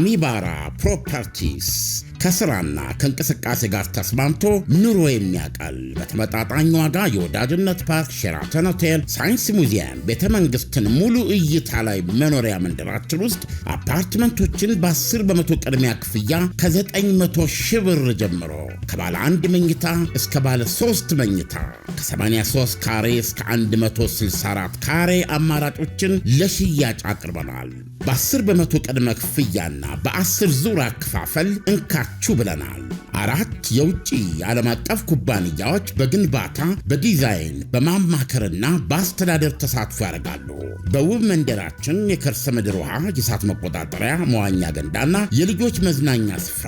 Amibara Properties ከስራና ከእንቅስቃሴ ጋር ተስማምቶ ኑሮ የሚያቀል በተመጣጣኝ ዋጋ የወዳጅነት ፓርክ፣ ሼራተን ሆቴል፣ ሳይንስ ሙዚየም፣ ቤተ መንግስትን ሙሉ እይታ ላይ መኖሪያ መንደራችን ውስጥ አፓርትመንቶችን በ10 በመቶ ቅድሚያ ክፍያ ከ900 ሺህ ብር ጀምሮ ከባለ አንድ መኝታ እስከ ባለ ሶስት መኝታ ከ83 ካሬ እስከ 164 ካሬ አማራጮችን ለሽያጭ አቅርበናል። በ10 በመቶ ቅድመ ክፍያና በ10 ዙር አከፋፈል እንካ ናችሁ ብለናል። አራት የውጭ ዓለም አቀፍ ኩባንያዎች በግንባታ በዲዛይን በማማከርና በአስተዳደር ተሳትፎ ያደርጋሉ። በውብ መንደራችን የከርሰ ምድር ውሃ፣ የእሳት መቆጣጠሪያ፣ መዋኛ ገንዳና የልጆች መዝናኛ ስፍራ፣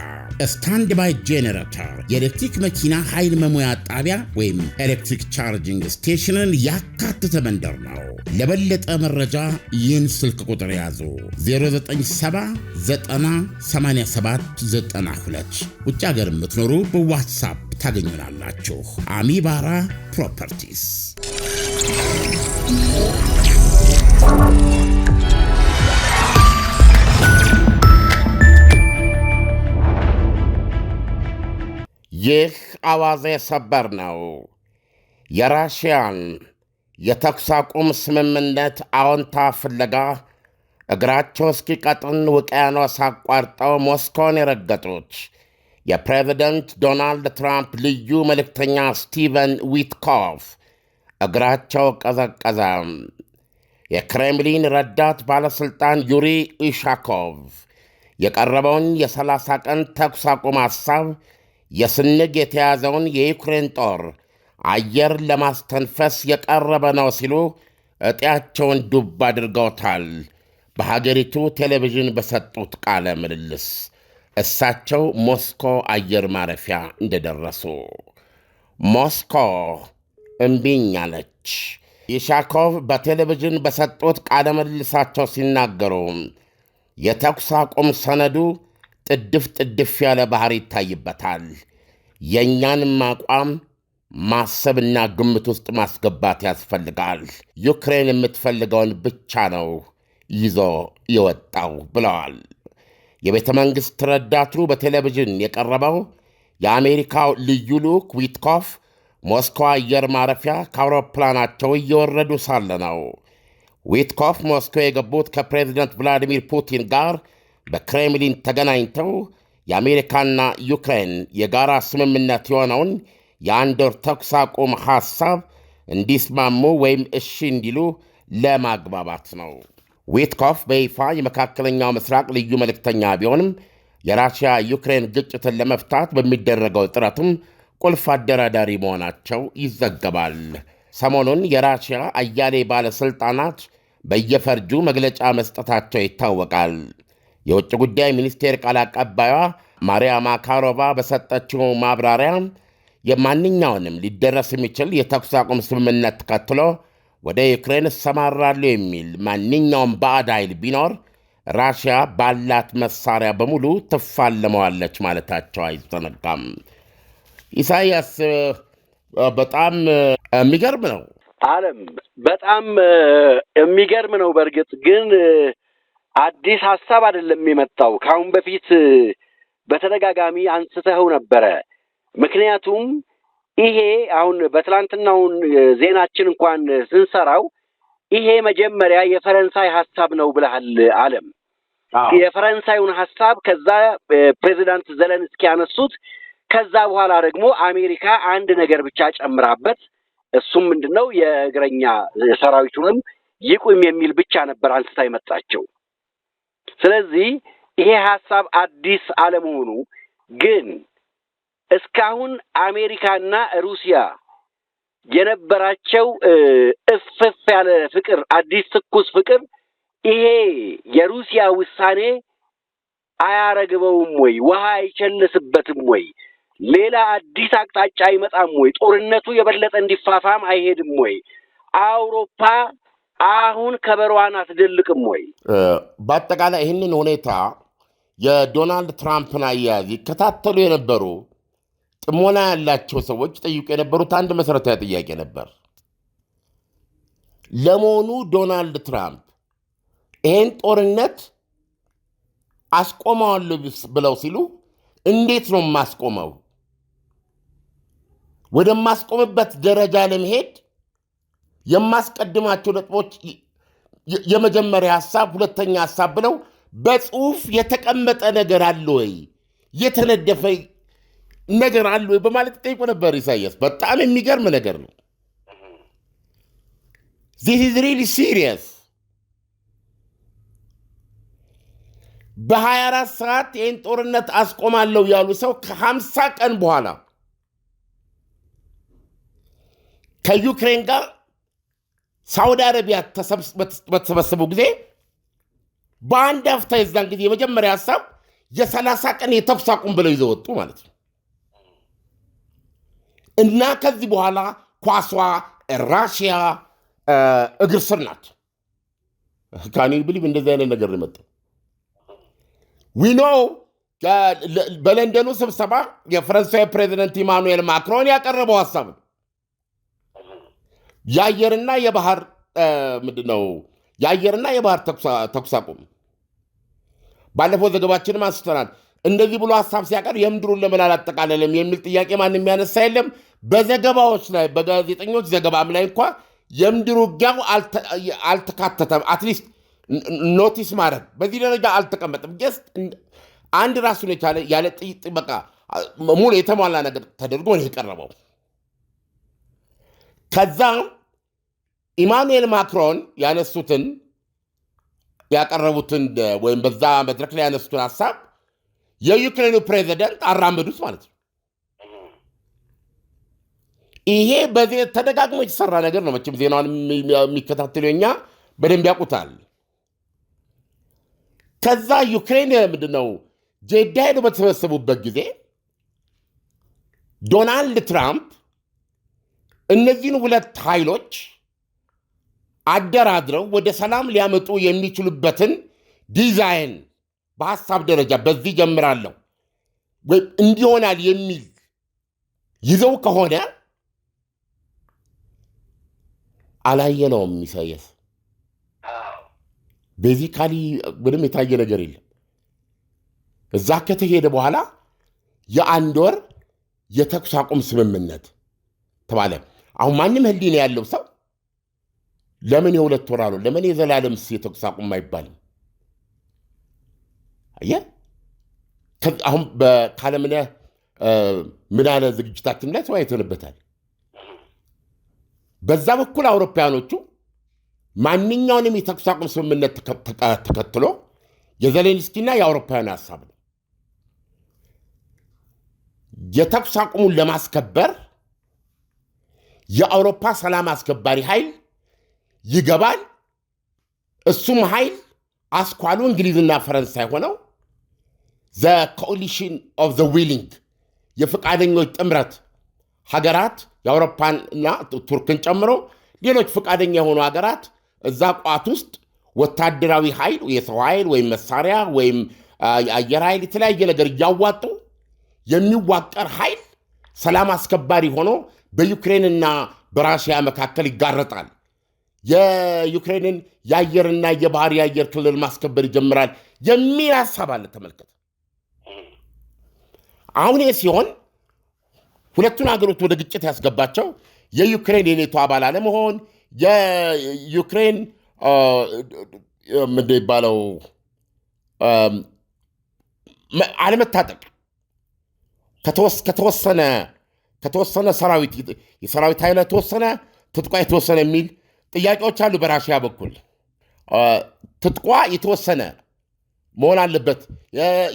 ስታንድ ባይ ጄኔሬተር፣ የኤሌክትሪክ መኪና ኃይል መሙያ ጣቢያ ወይም ኤሌክትሪክ ቻርጅንግ ስቴሽንን ያካተተ መንደር ነው። ለበለጠ መረጃ ይህን ስልክ ቁጥር ያዙ 0979 87 92 ሁለት ውጭ ሀገር የምትኖሩ በዋትሳፕ ታገኙናላችሁ። አሚባራ ፕሮፐርቲስ ይህ አዋዜ ሰበር ነው። የራሽያን የተኩስ አቁም ስምምነት አዎንታ ፍለጋ እግራቸው እስኪቀጥን ውቅያኖስ አቋርጠው ሞስኮን የረገጡት የፕሬዚደንት ዶናልድ ትራምፕ ልዩ መልእክተኛ ስቲቨን ዊትኮፍ እግራቸው ቀዘቀዘ። የክሬምሊን ረዳት ባለሥልጣን ዩሪ ኢሻኮቭ የቀረበውን የ30 ቀን ተኩስ አቁም ሐሳብ የስንግ የተያዘውን የዩክሬን ጦር አየር ለማስተንፈስ የቀረበ ነው ሲሉ እጢያቸውን ዱብ አድርገውታል። በሀገሪቱ ቴሌቪዥን በሰጡት ቃለ ምልልስ እሳቸው ሞስኮ አየር ማረፊያ እንደደረሱ ሞስኮ እምቢኝ አለች። ይሻኮቭ በቴሌቪዥን በሰጡት ቃለ ምልልሳቸው ሲናገሩ የተኩስ አቁም ሰነዱ ጥድፍ ጥድፍ ያለ ባህር ይታይበታል። የእኛንም አቋም ማሰብና ግምት ውስጥ ማስገባት ያስፈልጋል። ዩክሬን የምትፈልገውን ብቻ ነው ይዞ የወጣው ብለዋል። የቤተ መንግሥት ረዳቱ በቴሌቪዥን የቀረበው የአሜሪካው ልዩ ልዑክ ዊትኮፍ ሞስኮ አየር ማረፊያ ከአውሮፕላናቸው እየወረዱ ሳለ ነው። ዊትኮፍ ሞስኮ የገቡት ከፕሬዚደንት ቭላዲሚር ፑቲን ጋር በክሬምሊን ተገናኝተው የአሜሪካና ዩክሬን የጋራ ስምምነት የሆነውን የአንድ ወር ተኩስ አቁም ሐሳብ እንዲስማሙ ወይም እሺ እንዲሉ ለማግባባት ነው። ዊትኮፍ በይፋ የመካከለኛው ምስራቅ ልዩ መልእክተኛ ቢሆንም የራሽያ ዩክሬን ግጭትን ለመፍታት በሚደረገው ጥረትም ቁልፍ አደራዳሪ መሆናቸው ይዘገባል። ሰሞኑን የራሽያ አያሌ ባለሥልጣናት በየፈርጁ መግለጫ መስጠታቸው ይታወቃል። የውጭ ጉዳይ ሚኒስቴር ቃል አቀባዩዋ ማሪያ ማካሮቫ በሰጠችው ማብራሪያ የማንኛውንም ሊደረስ የሚችል የተኩስ አቁም ስምምነት ተከትሎ ወደ ዩክሬን እሰማራሉ የሚል ማንኛውም ባዕድ ኃይል ቢኖር ራሽያ ባላት መሳሪያ በሙሉ ትፋለመዋለች ማለታቸው አይዘነጋም። ኢሳያስ፣ በጣም የሚገርም ነው አለም፣ በጣም የሚገርም ነው። በእርግጥ ግን አዲስ ሀሳብ አይደለም የመጣው። ከአሁን በፊት በተደጋጋሚ አንስተኸው ነበረ። ምክንያቱም ይሄ አሁን በትላንትናውን ዜናችን እንኳን ስንሰራው ይሄ መጀመሪያ የፈረንሳይ ሀሳብ ነው ብለሃል አለም። የፈረንሳዩን ሀሳብ ከዛ ፕሬዚዳንት ዘለንስኪ ያነሱት፣ ከዛ በኋላ ደግሞ አሜሪካ አንድ ነገር ብቻ ጨምራበት፣ እሱም ምንድን ነው የእግረኛ ሰራዊቱንም ይቁም የሚል ብቻ ነበር አንስታ የመጣቸው። ስለዚህ ይሄ ሀሳብ አዲስ አለመሆኑ ግን እስካሁን አሜሪካና ሩሲያ የነበራቸው እፍፍ ያለ ፍቅር፣ አዲስ ትኩስ ፍቅር ይሄ የሩሲያ ውሳኔ አያረግበውም ወይ? ውሃ አይቸልስበትም ወይ? ሌላ አዲስ አቅጣጫ አይመጣም ወይ? ጦርነቱ የበለጠ እንዲፋፋም አይሄድም ወይ? አውሮፓ አሁን ከበሯን አትደልቅም ወይ? በአጠቃላይ ይህንን ሁኔታ የዶናልድ ትራምፕን አያያዝ ይከታተሉ የነበሩ ጥሞና ያላቸው ሰዎች ጠይቁ የነበሩት አንድ መሠረታዊ ጥያቄ ነበር። ለመሆኑ ዶናልድ ትራምፕ ይህን ጦርነት አስቆመዋለሁ ብለው ሲሉ እንዴት ነው የማስቆመው? ወደማስቆምበት ደረጃ ለመሄድ የማስቀድማቸው ነጥቦች የመጀመሪያ ሀሳብ፣ ሁለተኛ ሀሳብ ብለው በጽሁፍ የተቀመጠ ነገር አለ ወይ? የተነደፈ ነገር አሉ በማለት ጠይቆ ነበር ኢሳያስ። በጣም የሚገርም ነገር ነው። ዚስ ኢዝ ሪሊ ሲሪየስ። በ24 ሰዓት ይህን ጦርነት አስቆማለሁ ያሉ ሰው ከ50 ቀን በኋላ ከዩክሬን ጋር ሳውዲ አረቢያ በተሰበሰቡ ጊዜ በአንድ አፍታ የዛን ጊዜ የመጀመሪያ ሀሳብ የ30 ቀን የተኩስ አቁም ብለው ይዘው ወጡ ማለት ነው። እና ከዚህ በኋላ ኳሷ ራሽያ እግር ስር ናት። ካኒ ብሊቭ እንደዚህ አይነት ነገር የመጣው ዊኖ በለንደኑ ስብሰባ የፈረንሳዊ ፕሬዚደንት ኢማኑኤል ማክሮን ያቀረበው ሀሳብ ነው። የአየርና የባህር ምንድን ነው? የአየርና የባህር ተኩስ አቁም ባለፈው ዘገባችንም አንስተናል። እንደዚህ ብሎ ሀሳብ ሲያቀርብ የምድሩን ለምን አላጠቃለለም የሚል ጥያቄ ማንም የሚያነሳ የለም። በዘገባዎች ላይ በጋዜጠኞች ዘገባም ላይ እንኳ የምድሩ ውጊያው አልተካተተም። አትሊስት ኖቲስ ማድረግ በዚህ ደረጃ አልተቀመጠም። ስ አንድ ራሱን የቻለ ያለ በቃ ሙሉ የተሟላ ነገር ተደርጎ ነው የቀረበው። ከዛ ኢማኑኤል ማክሮን ያነሱትን ያቀረቡትን ወይም በዛ መድረክ ላይ ያነሱትን ሀሳብ የዩክሬኑ ፕሬዚደንት አራመዱት ማለት ነው። ይሄ ተደጋግሞ የተሰራ ነገር ነው። መቼም ዜናውን የሚከታተሉ እኛ በደንብ ያውቁታል። ከዛ ዩክሬን ምንድነው ጄዳ ሄዶ በተሰበሰቡበት ጊዜ ዶናልድ ትራምፕ እነዚህን ሁለት ኃይሎች አደራድረው ወደ ሰላም ሊያመጡ የሚችሉበትን ዲዛይን በሀሳብ ደረጃ በዚህ ጀምራለሁ ወይም እንዲሆናል የሚል ይዘው ከሆነ ነው የሚሰየስ ቤዚካሊ ምንም የታየ ነገር የለም። እዛ ከተሄደ በኋላ የአንድ ወር የተኩስ አቁም ስምምነት ተባለ። አሁን ማንም ሕሊና ያለው ሰው ለምን የሁለት ወር አሉ ለምን የዘላለም የተኩስ አቁም አይባልም? አየህ አሁን በካለምነ ምናለ ዝግጅታችን ላይ ተወያይተንበታል። በዛ በኩል አውሮፓውያኖቹ ማንኛውንም የተኩስ አቁም ስምምነት ተከትሎ የዘሌንስኪና የአውሮፓውያን ሀሳብ ነው። የተኩስ አቁሙን ለማስከበር የአውሮፓ ሰላም አስከባሪ ኃይል ይገባል። እሱም ኃይል አስኳሉ እንግሊዝና ፈረንሳይ ሆነው ዘ ኮሊሽን ኦፍ ዘ ዊሊንግ የፈቃደኞች ጥምረት ሀገራት የአውሮፓን ቱርክን ጨምሮ ሌሎች ፈቃደኛ የሆኑ ሀገራት እዛ ቋት ውስጥ ወታደራዊ ኃይል የሰው ኃይል ወይም መሳሪያ ወይም የአየር ኃይል የተለያየ ነገር እያዋጡ የሚዋቀር ኃይል ሰላም አስከባሪ ሆኖ በዩክሬንና በራሽያ መካከል ይጋረጣል። የዩክሬንን የአየርና የባህር የአየር ክልል ማስከበር ይጀምራል የሚል ሀሳብ አለ። ተመልከት። አሁን ሲሆን ሁለቱን ሀገሮች ወደ ግጭት ያስገባቸው የዩክሬን የኔቶ አባል አለመሆን፣ የዩክሬን ምንድ ይባለው አለመታጠቅ ከተወሰነ ሰራዊት የሰራዊት ኃይል ተወሰነ ትጥቋ የተወሰነ የሚል ጥያቄዎች አሉ። በራሽያ በኩል ትጥቋ የተወሰነ መሆን አለበት።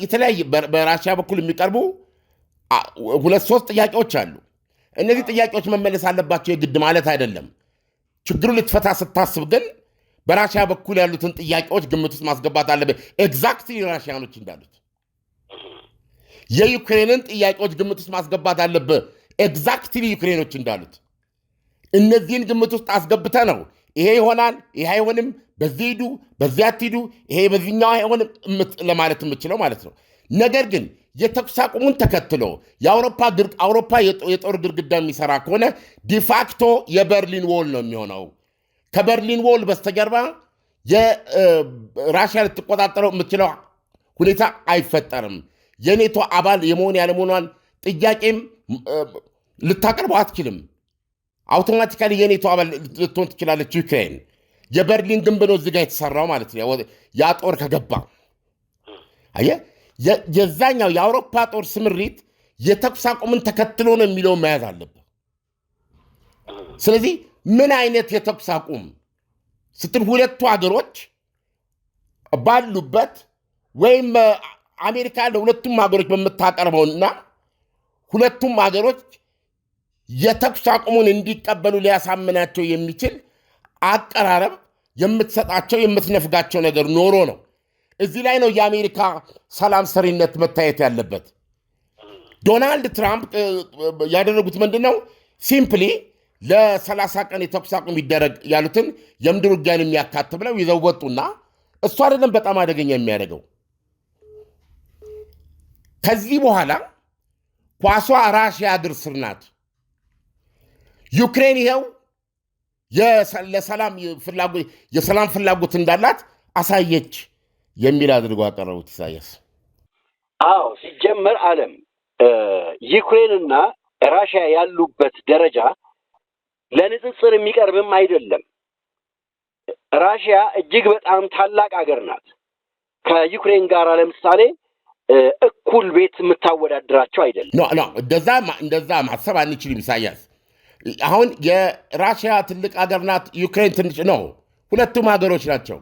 የተለያየ በራሽያ በኩል የሚቀርቡ ሁለት ሶስት ጥያቄዎች አሉ። እነዚህ ጥያቄዎች መመለስ አለባቸው የግድ ማለት አይደለም። ችግሩ ልትፈታ ስታስብ ግን በራሽያ በኩል ያሉትን ጥያቄዎች ግምት ውስጥ ማስገባት አለበ ኤግዛክትሊ ራሽያኖች እንዳሉት የዩክሬንን ጥያቄዎች ግምት ውስጥ ማስገባት አለበ ኤግዛክትሊ ዩክሬኖች እንዳሉት እነዚህን ግምት ውስጥ አስገብተ ነው ይሄ ይሆናል፣ ይሄ አይሆንም፣ በዚህ ሂዱ፣ በዚህ አትሂዱ፣ ይሄ በዚህኛው አይሆንም ለማለት የምችለው ማለት ነው። ነገር ግን የተኩስ አቁሙን ተከትሎ አውሮፓ የጦር ግድግዳ የሚሰራ ከሆነ ዲፋክቶ የበርሊን ዎል ነው የሚሆነው። ከበርሊን ዎል በስተጀርባ የራሽያ ልትቆጣጠረው የምትችለው ሁኔታ አይፈጠርም። የኔቶ አባል የመሆን ያለመሆኗን ጥያቄም ልታቀርበው አትችልም። አውቶማቲካሊ የኔቶ አባል ልትሆን ትችላለች ዩክሬን። የበርሊን ግንብ ነው እዚጋ የተሰራው ማለት ነው። ያ ጦር ከገባ አየህ የዛኛው የአውሮፓ ጦር ስምሪት የተኩስ አቁምን ተከትሎ ነው የሚለው መያዝ አለብህ። ስለዚህ ምን አይነት የተኩስ አቁም ስትል ሁለቱ ሀገሮች ባሉበት ወይም አሜሪካ ለሁለቱም ሀገሮች በምታቀርበውና ሁለቱም ሀገሮች የተኩስ አቁሙን እንዲቀበሉ ሊያሳምናቸው የሚችል አቀራረብ የምትሰጣቸው የምትነፍጋቸው ነገር ኖሮ ነው እዚህ ላይ ነው የአሜሪካ ሰላም ሰሪነት መታየት ያለበት። ዶናልድ ትራምፕ ያደረጉት ምንድን ነው? ሲምፕሊ ለ30 ቀን የተኩስ አቁም ይደረግ ያሉትን የምድር ውጊያን የሚያካት ብለው ይዘው ወጡና እሱ አይደለም በጣም አደገኛ የሚያደርገው ከዚህ በኋላ ኳሷ ራሽያ እግር ስር ናት። ዩክሬን ይኸው የሰላም ፍላጎት እንዳላት አሳየች። የሚል አድርጎ አቀረቡት። ኢሳያስ አዎ፣ ሲጀመር አለም ዩክሬንና ራሽያ ያሉበት ደረጃ ለንጽጽር የሚቀርብም አይደለም። ራሽያ እጅግ በጣም ታላቅ አገር ናት። ከዩክሬን ጋር ለምሳሌ እኩል ቤት የምታወዳድራቸው አይደለም። እንደዛ ማሰብ አንችልም ኢሳያስ። አሁን የራሽያ ትልቅ ሀገር ናት፣ ዩክሬን ትንሽ ነው። ሁለቱም ሀገሮች ናቸው።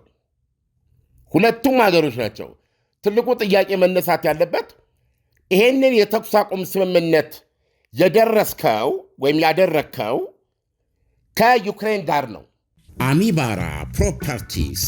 ሁለቱም ሀገሮች ናቸው። ትልቁ ጥያቄ መነሳት ያለበት ይሄንን የተኩስ አቁም ስምምነት የደረስከው ወይም ያደረግከው ከዩክሬን ጋር ነው። አሚባራ ፕሮፐርቲስ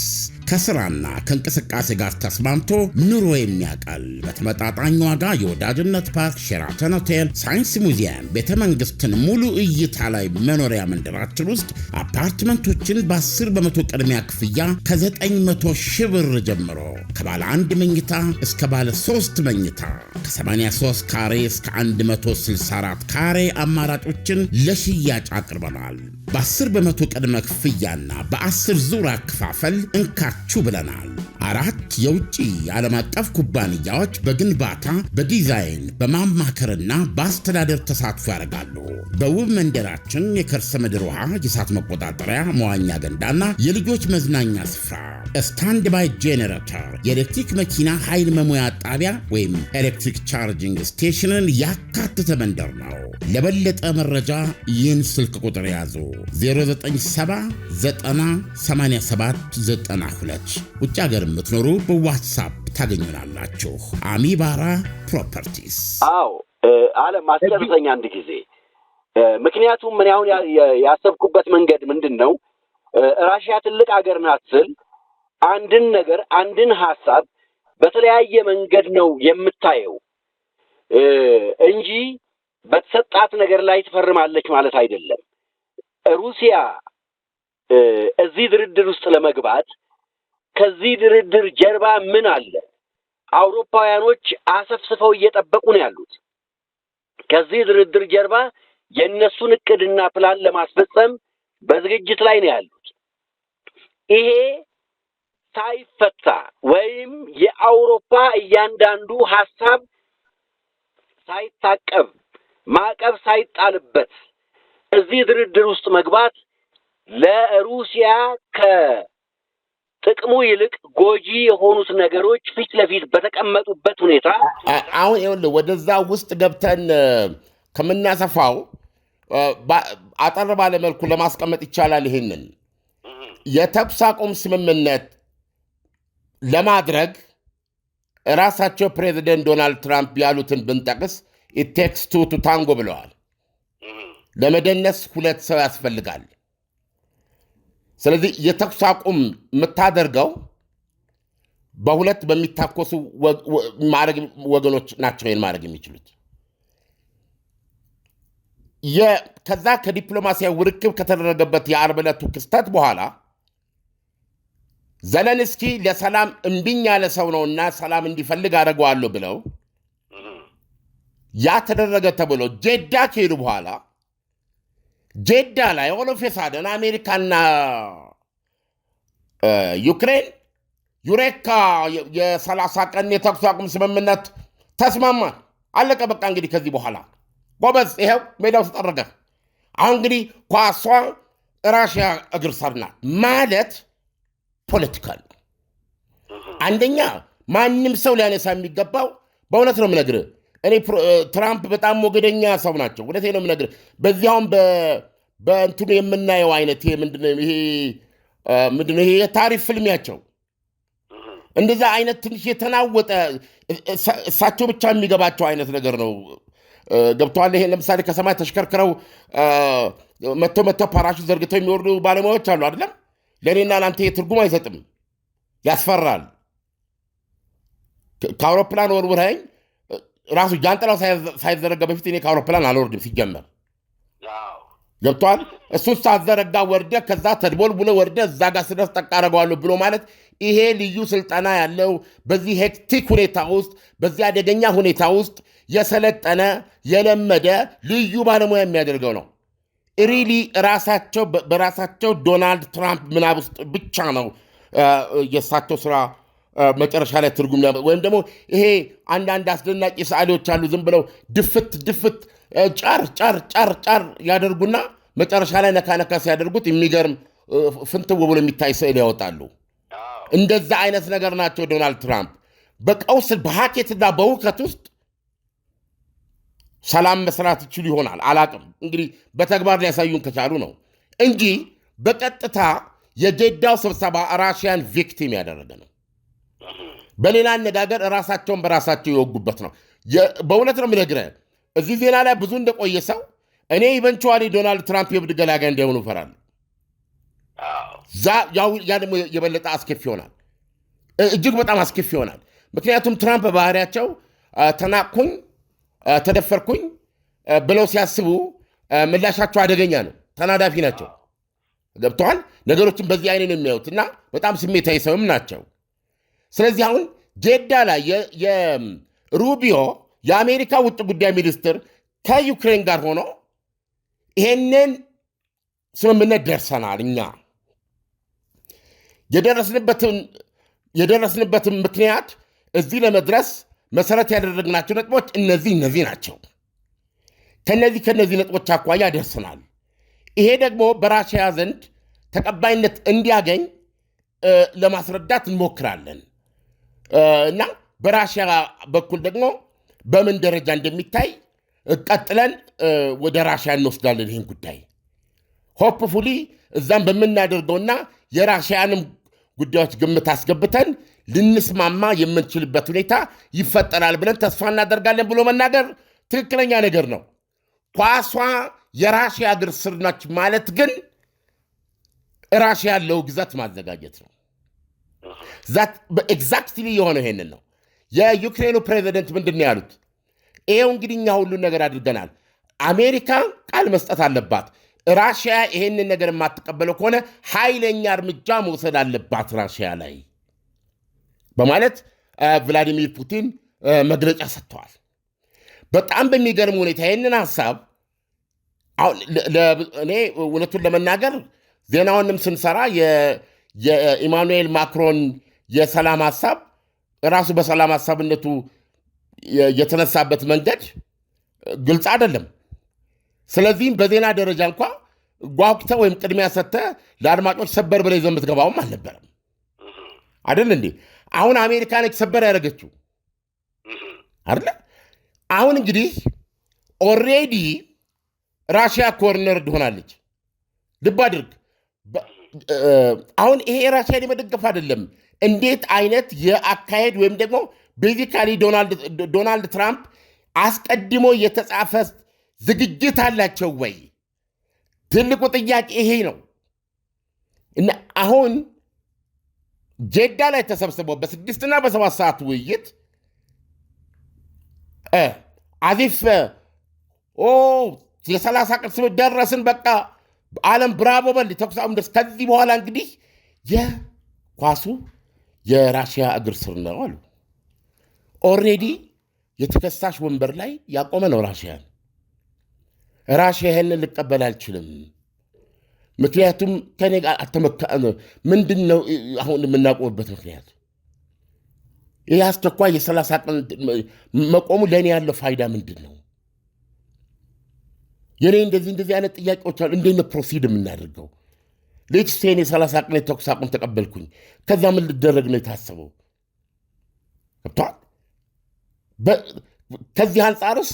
ከስራና ከእንቅስቃሴ ጋር ተስማምቶ ኑሮ የሚያቀል በተመጣጣኝ ዋጋ የወዳጅነት ፓርክ፣ ሼራተን ሆቴል፣ ሳይንስ ሙዚየም፣ ቤተ መንግስትን ሙሉ እይታ ላይ መኖሪያ መንደራችን ውስጥ አፓርትመንቶችን በ10 በመቶ ቅድሚያ ክፍያ ከ900 ሺህ ብር ጀምሮ ከባለ አንድ መኝታ እስከ ባለ ሶስት መኝታ ከ83 ካሬ እስከ 164 ካሬ አማራጮችን ለሽያጭ አቅርበናል። በ10 በመቶ ቅድመ ክፍያና በ10 ዙር አከፋፈል እንካ ናችሁ ብለናል። አራት የውጭ ዓለም አቀፍ ኩባንያዎች በግንባታ በዲዛይን በማማከርና በአስተዳደር ተሳትፎ ያደርጋሉ። በውብ መንደራችን የከርሰ ምድር ውሃ፣ የእሳት መቆጣጠሪያ፣ መዋኛ ገንዳና የልጆች መዝናኛ ስፍራ፣ ስታንድ ባይ ጄኔሬተር፣ የኤሌክትሪክ መኪና ኃይል መሙያ ጣቢያ ወይም ኤሌክትሪክ ቻርጂንግ ስቴሽንን ያካተተ መንደር ነው። ለበለጠ መረጃ ይህን ስልክ ቁጥር ያዙ 0979 87 92 ሁለት ውጭ ሀገር የምትኖሩ በዋትሳፕ ታገኙናላችሁ። አሚባራ ፕሮፐርቲስ። አዎ አለም አስጨርሰኝ አንድ ጊዜ። ምክንያቱም ምን አሁን ያሰብኩበት መንገድ ምንድን ነው፣ ራሽያ ትልቅ ሀገር ናት ስል አንድን ነገር አንድን ሀሳብ በተለያየ መንገድ ነው የምታየው እንጂ በተሰጣት ነገር ላይ ትፈርማለች ማለት አይደለም። ሩሲያ እዚህ ድርድር ውስጥ ለመግባት ከዚህ ድርድር ጀርባ ምን አለ? አውሮፓውያኖች አሰፍስፈው እየጠበቁ ነው ያሉት። ከዚህ ድርድር ጀርባ የእነሱን እቅድና ፕላን ለማስፈጸም በዝግጅት ላይ ነው ያሉት። ይሄ ሳይፈታ ወይም የአውሮፓ እያንዳንዱ ሀሳብ ሳይታቀብ ማዕቀብ ሳይጣልበት እዚህ ድርድር ውስጥ መግባት ለሩሲያ ከ ጥቅሙ ይልቅ ጎጂ የሆኑት ነገሮች ፊት ለፊት በተቀመጡበት ሁኔታ አሁን ይኸውልህ ወደዛ ውስጥ ገብተን ከምናሰፋው አጠር ባለ መልኩ ለማስቀመጥ ይቻላል። ይህንን የተኩስ አቁም ስምምነት ለማድረግ ራሳቸው ፕሬዚደንት ዶናልድ ትራምፕ ያሉትን ብንጠቅስ ኢቴክስ ቱ ቱ ታንጎ ብለዋል። ለመደነስ ሁለት ሰው ያስፈልጋል። ስለዚህ የተኩስ አቁም የምታደርገው በሁለት በሚታኮሱ ወገኖች ናቸው ይህን ማድረግ የሚችሉት። ከዛ ከዲፕሎማሲያዊ ውርክብ ከተደረገበት የአርብ ዕለቱ ክስተት በኋላ ዘለንስኪ ለሰላም እምቢኝ ያለ ሰው ነውና ሰላም እንዲፈልግ አደርገዋለሁ ብለው ያ ተደረገ ተብሎ ጄዳ ከሄዱ በኋላ ጄዳ ላይ ኦሎፌሳደን አሜሪካና ዩክሬን ዩሬካ የሰላሳ ቀን የተኩስ አቁም ስምምነት ተስማማ። አለቀ በቃ። እንግዲህ ከዚህ በኋላ ጎበዝ፣ ይኸው ሜዳ ውስጥ ጠረገ። አሁን እንግዲህ ኳሷ ራሽያ እግር ስር ናት ማለት ፖለቲካ አንደኛ ማንም ሰው ሊያነሳ የሚገባው በእውነት ነው የምነግርህ እኔ ትራምፕ በጣም ሞገደኛ ሰው ናቸው። እውነቴን ነው የምነግርህ። በዚያውም በእንትኑ የምናየው አይነት ይሄ ምንድነው ይሄ ምንድነው ይሄ የታሪፍ ፍልሚያቸው እንደዛ አይነት ትንሽ የተናወጠ እሳቸው ብቻ የሚገባቸው አይነት ነገር ነው። ገብተዋል። ይሄ ለምሳሌ ከሰማይ ተሽከርክረው መቶ መቶ ፓራሹት ዘርግተው የሚወርዱ ባለሙያዎች አሉ አይደለም። ለእኔና ለአንተ ትርጉም አይሰጥም፣ ያስፈራል። ከአውሮፕላን ወርውረኸኝ ራሱ ጃንጥላው ሳይዘረጋ በፊት እኔ ከአውሮፕላን አልወርድም ሲጀመር ገብቷል። እሱን ሳዘረጋ ወርደ ከዛ ተድቦል ብሎ ወርደ እዛ ጋር ስደርስ ጠቅ ብሎ ማለት ይሄ ልዩ ስልጠና ያለው በዚህ ሄክቲክ ሁኔታ ውስጥ በዚህ አደገኛ ሁኔታ ውስጥ የሰለጠነ የለመደ ልዩ ባለሙያ የሚያደርገው ነው። ሪሊ ራሳቸው በራሳቸው ዶናልድ ትራምፕ ምናብ ውስጥ ብቻ ነው የእሳቸው ስራ መጨረሻ ላይ ትርጉም ወይም ደግሞ ይሄ አንዳንድ አስደናቂ ሰዓሊዎች አሉ። ዝም ብለው ድፍት ድፍት ጫር ጫር ጫር ጫር ያደርጉና መጨረሻ ላይ ነካ ሲያደርጉት የሚገርም ፍንትው ብሎ የሚታይ ስዕል ያወጣሉ። እንደዛ አይነት ነገር ናቸው ዶናልድ ትራምፕ። በቀውስ በሀኬትና በውከት ውስጥ ሰላም መስራት ይችሉ ይሆናል። አላቅም እንግዲህ በተግባር ሊያሳዩን ከቻሉ ነው እንጂ በቀጥታ የጀዳው ስብሰባ ራሽያን ቪክቲም ያደረገ ነው። በሌላ አነጋገር ራሳቸውን በራሳቸው የወጉበት ነው። በእውነት ነው የምነግርህ። እዚህ ዜና ላይ ብዙ እንደቆየ ሰው እኔ ኢቨንቹዋሊ ዶናልድ ትራምፕ የብድ ገላጋይ እንዳይሆኑ እፈራለሁ። ያ ደግሞ የበለጠ አስከፊ ይሆናል፣ እጅግ በጣም አስከፊ ይሆናል። ምክንያቱም ትራምፕ ባህሪያቸው ተናቅኩኝ፣ ተደፈርኩኝ ብለው ሲያስቡ ምላሻቸው አደገኛ ነው። ተናዳፊ ናቸው። ገብተዋል። ነገሮችን በዚህ አይነት ነው የሚያዩት እና በጣም ስሜታዊ ሰውም ናቸው። ስለዚህ አሁን ጄዳ ላይ የሩቢዮ የአሜሪካ ውጭ ጉዳይ ሚኒስትር ከዩክሬን ጋር ሆኖ ይሄንን ስምምነት ደርሰናል እኛ የደረስንበትን ምክንያት እዚህ ለመድረስ መሰረት ያደረግናቸው ነጥቦች እነዚህ እነዚህ ናቸው። ከነዚህ ከነዚህ ነጥቦች አኳያ ደርሰናል። ይሄ ደግሞ በራሽያ ዘንድ ተቀባይነት እንዲያገኝ ለማስረዳት እንሞክራለን። እና በራሽያ በኩል ደግሞ በምን ደረጃ እንደሚታይ ቀጥለን ወደ ራሽያ እንወስዳለን ይህን ጉዳይ ሆፕፉሊ እዛም በምናደርገውና የራሽያንም ጉዳዮች ግምት አስገብተን ልንስማማ የምንችልበት ሁኔታ ይፈጠራል ብለን ተስፋ እናደርጋለን ብሎ መናገር ትክክለኛ ነገር ነው። ኳሷ የራሽያ እግር ስር ናች ማለት ግን ራሽያ ያለው ግዛት ማዘጋጀት ነው። ኤግዛክትሊ የሆነው ይሄንን ነው። የዩክሬኑ ፕሬዚደንት ምንድን ነው ያሉት? ይሄው እንግዲህ እኛ ሁሉን ነገር አድርገናል። አሜሪካ ቃል መስጠት አለባት። ራሽያ ይሄንን ነገር የማትቀበለው ከሆነ ኃይለኛ እርምጃ መውሰድ አለባት ራሽያ ላይ በማለት ቭላዲሚር ፑቲን መግለጫ ሰጥተዋል። በጣም በሚገርም ሁኔታ ይህንን ሀሳብ እኔ እውነቱን ለመናገር ዜናውንም ስንሰራ የኢማኑኤል ማክሮን የሰላም ሀሳብ ራሱ በሰላም ሀሳብነቱ የተነሳበት መንገድ ግልጽ አይደለም። ስለዚህም በዜና ደረጃ እንኳ ጓጉተ ወይም ቅድሚያ ሰተ ለአድማጮች ሰበር ብለ ይዘ የምትገባውም አልነበረም አይደል እንዴ? አሁን አሜሪካ ነች ሰበር ያደረገችው አይደለ? አሁን እንግዲህ ኦሬዲ ራሽያ ኮርነር ትሆናለች። ልብ አድርግ። አሁን ይሄ ራሽያን የመደገፍ አይደለም እንዴት አይነት የአካሄድ ወይም ደግሞ ቤዚካሊ ዶናልድ ትራምፕ አስቀድሞ የተጻፈ ዝግጅት አላቸው ወይ? ትልቁ ጥያቄ ይሄ ነው። እና አሁን ጄዳ ላይ ተሰብስበው በስድስትና በሰባት ሰዓት ውይይት አዚፍ ኦ የሰላሳ ቀን ደረስን፣ በቃ ዓለም ብራቦ በል ተኩስ አቁም ድረስ ከዚህ በኋላ እንግዲህ የኳሱ የራሽያ እግር ስር ነው አሉ። ኦልሬዲ የተከሳሽ ወንበር ላይ ያቆመ ነው ራሽያን። ራሽያ ይህን ልቀበል አልችልም። ምክንያቱም ከኔ ጋር አተመካ ምንድን ነው አሁን የምናቆምበት ምክንያት? ይህ አስቸኳይ የሰላሳ ቀን መቆሙ ለእኔ ያለው ፋይዳ ምንድን ነው? የኔ እንደዚህ እንደዚህ አይነት ጥያቄዎች አሉ። እንዴት ነው ፕሮሲድ የምናደርገው? ሌችስቴን የ30 ቀን የተኩስ አቁም ተቀበልኩኝ። ከዛ ምን ልደረግ ነው የታሰበው? ገብተዋል። ከዚህ አንጻርስ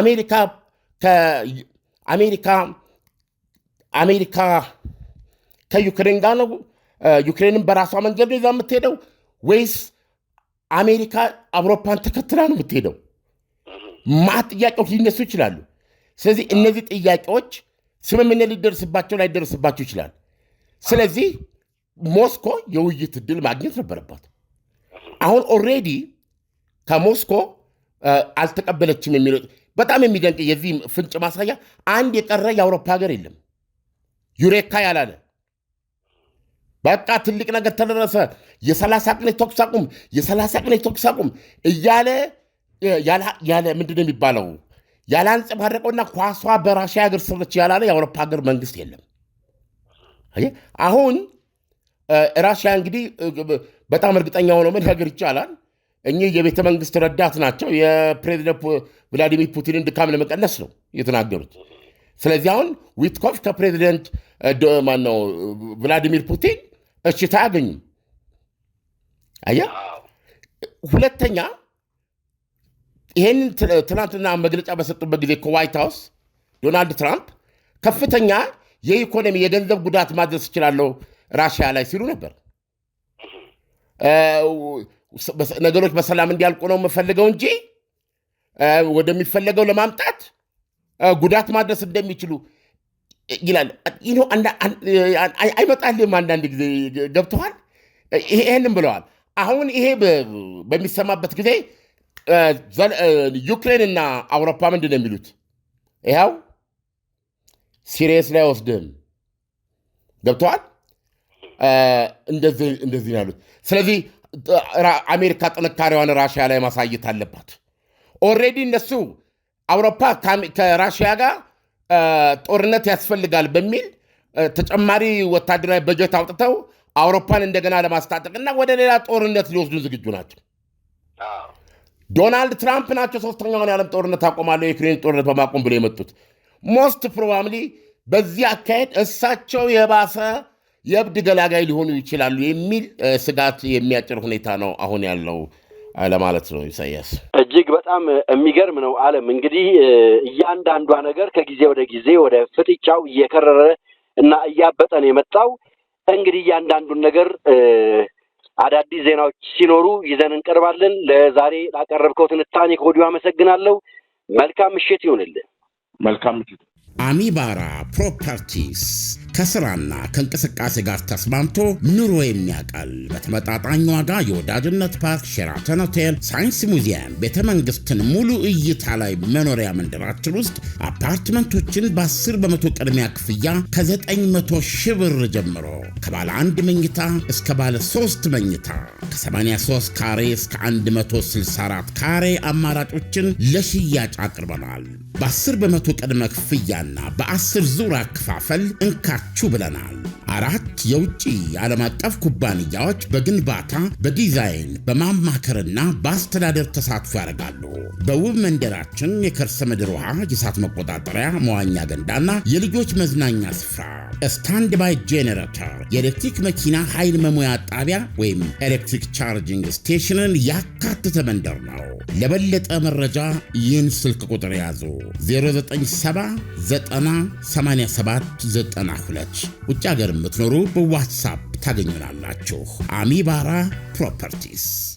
አሜሪካ አሜሪካ አሜሪካ ከዩክሬን ጋር ነው ዩክሬንን በራሷ መንገድ ነው ይዛ የምትሄደው ወይስ አሜሪካ አውሮፓን ተከትላ ነው የምትሄደው? ማት ጥያቄዎች ሊነሱ ይችላሉ። ስለዚህ እነዚህ ጥያቄዎች ስምምነት ሊደርስባቸው ላይደርስባቸው ይችላል። ስለዚህ ሞስኮ የውይይት እድል ማግኘት ነበረባት። አሁን ኦልሬዲ ከሞስኮ አልተቀበለችም የሚለው በጣም የሚደንቅ የዚህ ፍንጭ ማሳያ አንድ የቀረ የአውሮፓ ሀገር የለም ዩሬካ ያላለ በቃ ትልቅ ነገር ተደረሰ፣ የሰላሳ ቀን የተኩስ አቁም፣ የሰላሳ ቀን የተኩስ አቁም እያለ ያለ ምንድን ነው የሚባለው ያላንጸባረቀውና ኳሷ በራሽያ ሀገር ስርች ያላለ የአውሮፓ ሀገር መንግስት የለም። አሁን ራሽያ እንግዲህ በጣም እርግጠኛ ሆኖ መናገር ይቻላል እኚህ የቤተ መንግስት ረዳት ናቸው። የፕሬዚደንት ቭላዲሚር ፑቲንን ድካም ለመቀነስ ነው የተናገሩት። ስለዚህ አሁን ዊትኮፍ ከፕሬዚደንት ማነው ቭላዲሚር ፑቲን እሽታ አያገኙም። አያ ሁለተኛ ይህን ትናንትና መግለጫ በሰጡበት ጊዜ ከዋይት ሀውስ ዶናልድ ትራምፕ ከፍተኛ የኢኮኖሚ የገንዘብ ጉዳት ማድረስ እችላለሁ ራሽያ ላይ ሲሉ ነበር። ነገሮች በሰላም እንዲያልቁ ነው የምፈልገው እንጂ ወደሚፈለገው ለማምጣት ጉዳት ማድረስ እንደሚችሉ ይላል። አይመጣልም አንዳንድ ጊዜ ገብተዋል። ይሄንም ብለዋል። አሁን ይሄ በሚሰማበት ጊዜ ዩክሬንና አውሮፓ ምንድን ነው የሚሉት? ይኸው ሲሪየስ ላይ ወስድህም ገብተዋል። እንደዚህ ያሉት። ስለዚህ አሜሪካ ጥንካሬዋን ራሽያ ላይ ማሳየት አለባት። ኦልሬዲ እነሱ አውሮፓ ከራሽያ ጋር ጦርነት ያስፈልጋል በሚል ተጨማሪ ወታደራዊ በጀት አውጥተው አውሮፓን እንደገና ለማስታጠቅና ወደ ሌላ ጦርነት ሊወስዱን ዝግጁ ናቸው። ዶናልድ ትራምፕ ናቸው ሶስተኛውን የዓለም ጦርነት አቆማለሁ የዩክሬን ጦርነት በማቆም ብሎ የመጡት። ሞስት ፕሮባብሊ በዚህ አካሄድ እሳቸው የባሰ የእብድ ገላጋይ ሊሆኑ ይችላሉ የሚል ስጋት የሚያጭር ሁኔታ ነው አሁን ያለው ለማለት ነው። ኢሳያስ እጅግ በጣም የሚገርም ነው። ዓለም እንግዲህ እያንዳንዷ ነገር ከጊዜ ወደ ጊዜ ወደ ፍጥጫው እየከረረ እና እያበጠን የመጣው እንግዲህ እያንዳንዱን ነገር አዳዲስ ዜናዎች ሲኖሩ ይዘን እንቀርባለን። ለዛሬ ላቀረብከው ትንታኔ ከወዲሁ አመሰግናለሁ። መልካም ምሽት ይሁንልን። መልካም ምሽት። አሚባራ ፕሮፐርቲስ ከስራና ከእንቅስቃሴ ጋር ተስማምቶ ኑሮ የሚያቀል በተመጣጣኝ ዋጋ የወዳጅነት ፓርክ፣ ሼራተን ሆቴል፣ ሳይንስ ሙዚየም፣ ቤተ መንግስትን ሙሉ እይታ ላይ መኖሪያ መንደራችን ውስጥ አፓርትመንቶችን በ10 በመቶ ቅድሚያ ክፍያ ከ900 ሺህ ብር ጀምሮ ከባለ አንድ መኝታ እስከ ባለ ሶስት መኝታ ከ83 ካሬ እስከ 164 ካሬ አማራጮችን ለሽያጭ አቅርበናል። በ10 በመቶ ቅድመ ክፍያና በ10 ዙር አከፋፈል እንካ ናችሁ ብለናል። አራት የውጭ ዓለም አቀፍ ኩባንያዎች በግንባታ በዲዛይን በማማከርና በአስተዳደር ተሳትፎ ያደርጋሉ። በውብ መንደራችን የከርሰ ምድር ውሃ፣ የእሳት መቆጣጠሪያ፣ መዋኛ ገንዳና የልጆች መዝናኛ ስፍራ፣ ስታንድ ባይ ጄኔሬተር፣ የኤሌክትሪክ መኪና ኃይል መሙያ ጣቢያ ወይም ኤሌክትሪክ ቻርጂንግ ስቴሽንን ያካተተ መንደር ነው። ለበለጠ መረጃ ይህን ስልክ ቁጥር ያዙ 0979 ሁለት ውጭ ሀገር የምትኖሩ በዋትሳፕ ታገኙናላችሁ። አሚባራ ፕሮፐርቲስ